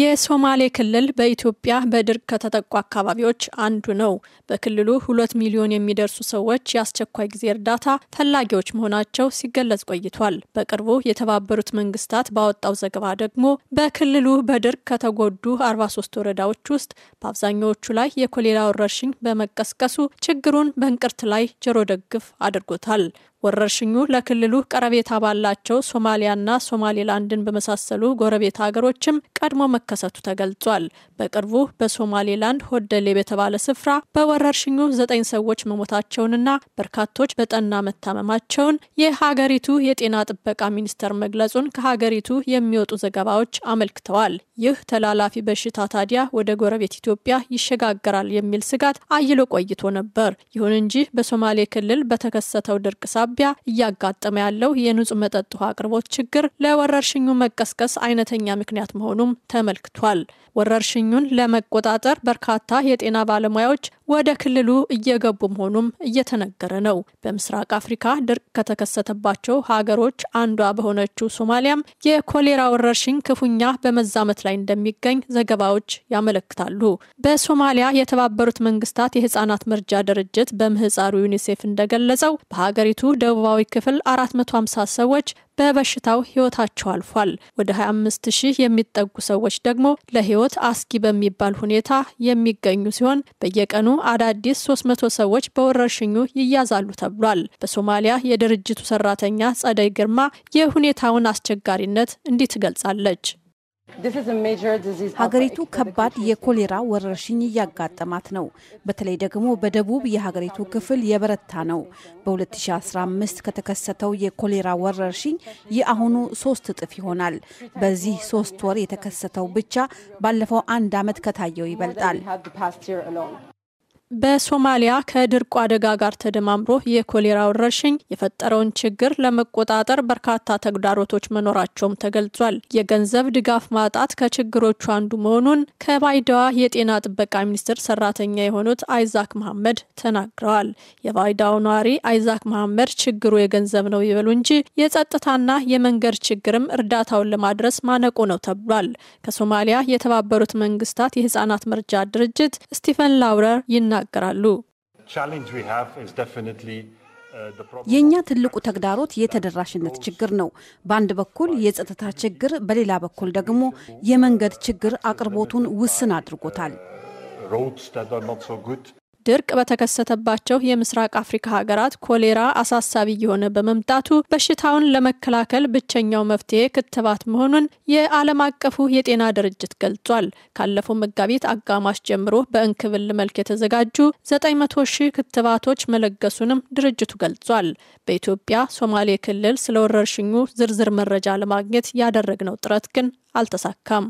የሶማሌ ክልል በኢትዮጵያ በድርቅ ከተጠቁ አካባቢዎች አንዱ ነው። በክልሉ ሁለት ሚሊዮን የሚደርሱ ሰዎች የአስቸኳይ ጊዜ እርዳታ ፈላጊዎች መሆናቸው ሲገለጽ ቆይቷል። በቅርቡ የተባበሩት መንግስታት ባወጣው ዘገባ ደግሞ በክልሉ በድርቅ ከተጎዱ 43 ወረዳዎች ውስጥ በአብዛኛዎቹ ላይ የኮሌራ ወረርሽኝ በመቀስቀሱ ችግሩን በእንቅርት ላይ ጆሮ ደግፍ አድርጎታል። ወረርሽኙ ለክልሉ ቀረቤታ ባላቸው ሶማሊያና ሶማሌላንድን በመሳሰሉ ጎረቤት ሀገሮችም ቀድሞ መከሰቱ ተገልጿል። በቅርቡ በሶማሌላንድ ሆደሌ በተባለ ስፍራ በወረርሽኙ ዘጠኝ ሰዎች መሞታቸውንና በርካቶች በጠና መታመማቸውን የሀገሪቱ የጤና ጥበቃ ሚኒስቴር መግለጹን ከሀገሪቱ የሚወጡ ዘገባዎች አመልክተዋል። ይህ ተላላፊ በሽታ ታዲያ ወደ ጎረቤት ኢትዮጵያ ይሸጋገራል የሚል ስጋት አይሎ ቆይቶ ነበር። ይሁን እንጂ በሶማሌ ክልል በተከሰተው ድርቅ ሳ ሳቢያ እያጋጠመ ያለው የንጹህ መጠጥ ውሃ አቅርቦት ችግር ለወረርሽኙ መቀስቀስ አይነተኛ ምክንያት መሆኑም ተመልክቷል። ወረርሽኙን ለመቆጣጠር በርካታ የጤና ባለሙያዎች ወደ ክልሉ እየገቡ መሆኑም እየተነገረ ነው። በምስራቅ አፍሪካ ድርቅ ከተከሰተባቸው ሀገሮች አንዷ በሆነችው ሶማሊያም የኮሌራ ወረርሽኝ ክፉኛ በመዛመት ላይ እንደሚገኝ ዘገባዎች ያመለክታሉ። በሶማሊያ የተባበሩት መንግስታት የህጻናት መርጃ ድርጅት በምህፃሩ ዩኒሴፍ እንደገለጸው በሀገሪቱ ደቡባዊ ክፍል 450 ሰዎች በበሽታው ህይወታቸው አልፏል። ወደ 25 ሺህ የሚጠጉ ሰዎች ደግሞ ለህይወት አስጊ በሚባል ሁኔታ የሚገኙ ሲሆን በየቀኑ አዳዲስ 300 ሰዎች በወረርሽኙ ይያዛሉ ተብሏል። በሶማሊያ የድርጅቱ ሰራተኛ ጸደይ ግርማ የሁኔታውን አስቸጋሪነት እንዲህ ትገልጻለች። ሀገሪቱ ከባድ የኮሌራ ወረርሽኝ እያጋጠማት ነው። በተለይ ደግሞ በደቡብ የሀገሪቱ ክፍል የበረታ ነው። በ2015 ከተከሰተው የኮሌራ ወረርሽኝ የአሁኑ ሶስት እጥፍ ይሆናል። በዚህ ሶስት ወር የተከሰተው ብቻ ባለፈው አንድ ዓመት ከታየው ይበልጣል። በሶማሊያ ከድርቁ አደጋ ጋር ተደማምሮ የኮሌራ ወረርሽኝ የፈጠረውን ችግር ለመቆጣጠር በርካታ ተግዳሮቶች መኖራቸውም ተገልጿል። የገንዘብ ድጋፍ ማጣት ከችግሮቹ አንዱ መሆኑን ከባይዳዋ የጤና ጥበቃ ሚኒስቴር ሰራተኛ የሆኑት አይዛክ መሐመድ ተናግረዋል። የባይዳው ነዋሪ አይዛክ መሐመድ ችግሩ የገንዘብ ነው ይበሉ እንጂ የጸጥታና የመንገድ ችግርም እርዳታውን ለማድረስ ማነቆ ነው ተብሏል። ከሶማሊያ የተባበሩት መንግስታት የህጻናት መርጃ ድርጅት ስቲፈን ላውረር ይና ይናገራሉ። uh, የእኛ ትልቁ ተግዳሮት የተደራሽነት ችግር ነው። በአንድ በኩል የጸጥታ ችግር፣ በሌላ በኩል ደግሞ የመንገድ ችግር አቅርቦቱን ውስን አድርጎታል። ድርቅ በተከሰተባቸው የምስራቅ አፍሪካ ሀገራት ኮሌራ አሳሳቢ እየሆነ በመምጣቱ በሽታውን ለመከላከል ብቸኛው መፍትሄ ክትባት መሆኑን የዓለም አቀፉ የጤና ድርጅት ገልጿል። ካለፈው መጋቢት አጋማሽ ጀምሮ በእንክብል መልክ የተዘጋጁ 900 ሺህ ክትባቶች መለገሱንም ድርጅቱ ገልጿል። በኢትዮጵያ ሶማሌ ክልል ስለ ወረርሽኙ ዝርዝር መረጃ ለማግኘት ያደረግነው ጥረት ግን አልተሳካም።